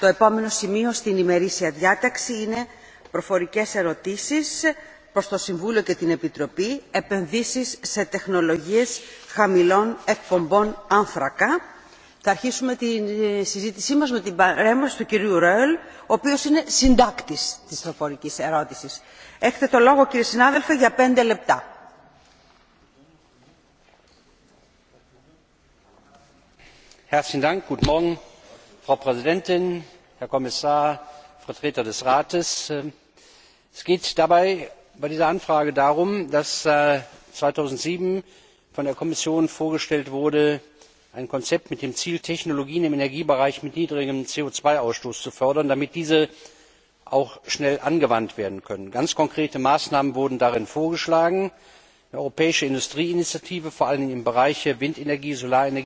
Το επόμενο σημείο στην ημερήσια διάταξη είναι προφορικές ερωτήσεις προς το Συμβούλιο και την Επιτροπή επενδύσεις σε τεχνολογίες χαμηλών εκπομπών άνθρακα. Θα αρχίσουμε τη ε, συζήτησή μας με την παρέμβαση του κυρίου Ρόελ, ο οποίος είναι συντάκτης της προφορικής ερώτησης. Έχετε το λόγο κύριε συνάδελφε για πέντε λεπτά. Herzlichen Dank, guten Morgen frau präsidentin herr kommissar vertreter des rates! es geht bei dieser anfrage darum dass zweitausendsieben von der kommission vorgestellt wurde ein konzept mit dem ziel technologien im energiebereich mit niedrigem co zwei ausstoß zu fördern damit diese auch schnell angewandt werden können. ganz konkrete maßnahmen wurden darin vorgeschlagen eine europäische industrieinitiative vor allem im Bereich windenergie solarenergie